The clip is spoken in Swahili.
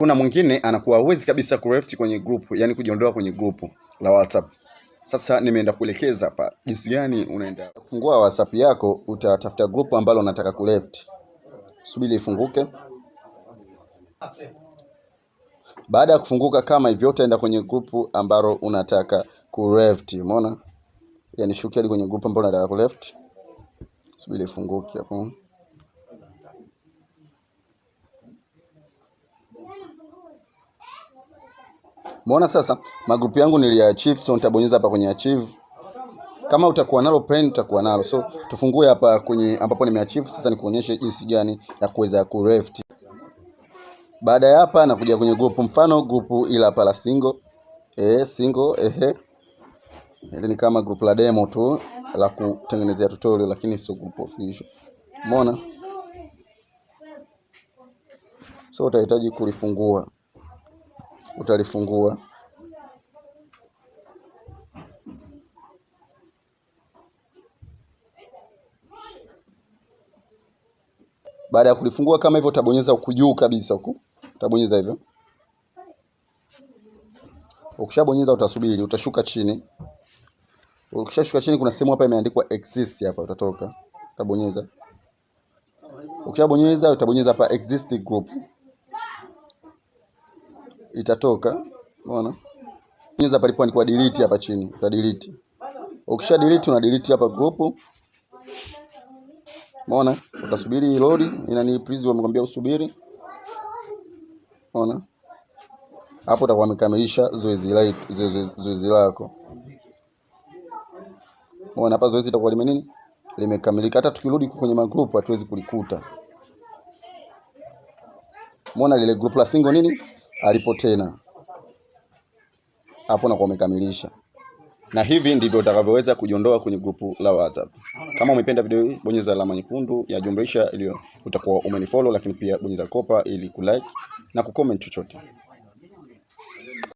kuna mwingine anakuwa hawezi kabisa kureft kwenye group, yani kujiondoa kwenye group la WhatsApp. Sasa nimeenda kuelekeza hapa jinsi gani unaenda kufungua WhatsApp yako. Utatafuta group ambalo unataka kureft, subiri ifunguke. Baada ya kufunguka kama hivyo, utaenda kwenye group ambalo unataka kureft. Umeona, yani shukia hadi kwenye group ambalo unataka kureft, subiri ifunguke hapo. Umeona sasa magrupu yangu niliachieve, so nitabonyeza hapa kwenye achieve. Kama utakuwa nalo pen utakuwa nalo. So tufungue hapa kwenye ambapo nimeachieve sasa nikuonyeshe jinsi gani ya kuweza kureft. Baada ya hapa nakuja kwenye group, mfano group ila hapa la single. Eh, single ehe. Ile ni kama group la demo tu la kutengenezea tutorial lakini sio group official. Umeona? So utahitaji kulifungua utalifungua Baada ya kulifungua kama hivyo, utabonyeza huku juu kabisa, huku utabonyeza hivyo. Ukishabonyeza utasubiri, utashuka chini. Ukishashuka chini, kuna sehemu hapa imeandikwa exist, hapa utatoka, utabonyeza. Ukishabonyeza utabonyeza hapa exist group itatoka. Unaona, bonyeza palipo ni kwa delete hapa chini, uta delete. Ukisha delete una delete hapa group. Unaona, utasubiri load, inani please, wamekuambia usubiri. Unaona hapo utakuwa umekamilisha zoezi zoezi lako. Unaona hapa zoezi itakuwa lime nini limekamilika. Hata tukirudi kwenye magrupu hatuwezi kulikuta. Umeona lile group la single nini alipo tena. Hapo nakuwa kumekamilisha na hivi ndivyo utakavyoweza kujiondoa kwenye grupu la WhatsApp. Kama umependa video hii, bonyeza alama nyekundu ya jumlisha iliyo, utakuwa umenifollow, lakini pia bonyeza kopa ili kulike na kucomment chochote.